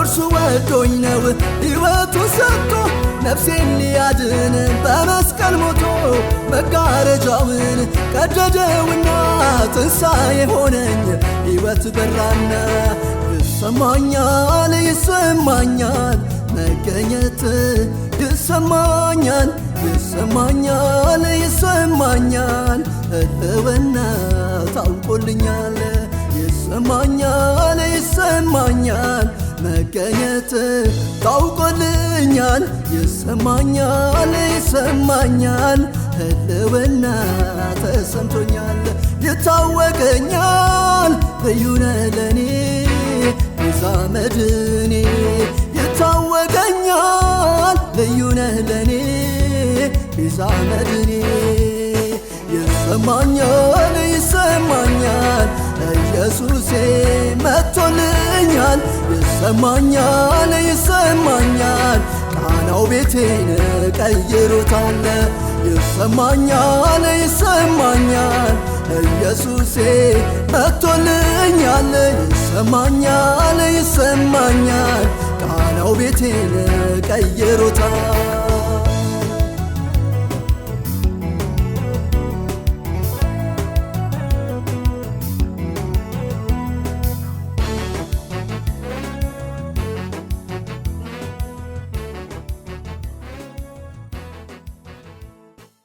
እርሱ ወዶኝ ነው ሕይወቱ ሰጥቶ ነፍሴን ሊያድን በመስቀል ሞቶ መጋረጃውን ቀደደውና ትንሣኤ ሆነኝ ሕይወት በራና ይሰማኛል ይሰማኛል መገኘት ይሰማኛል ይሰማኛል ይሰማኛል እህወና ታውቆልኛል ይሰማኛል ይሰማኛል መገኘት ታውቆልኛል፣ ይሰማኛል፣ ይሰማኛል፣ ህልውና ተሰምቶኛል፣ ይታወቀኛል፣ ልዩ ነህ ለኔ ቤዛ መድኔ፣ ይታወቀኛል፣ ልዩ ለኔ ቤዛ መድኔ፣ ይሰማኛል፣ ይሰማኛል ኢየሱሴ መጥቶ ይሰማኛል ይሰማኛል ይሰማኛል ቃናው ቤቴን ቀይሮታል ይሰማኛል ይሰማኛል ኢየሱሴ መጥቶልኛል ይሰማኛል ይሰማኛል ቃናው ቤቴን ቀይሮታል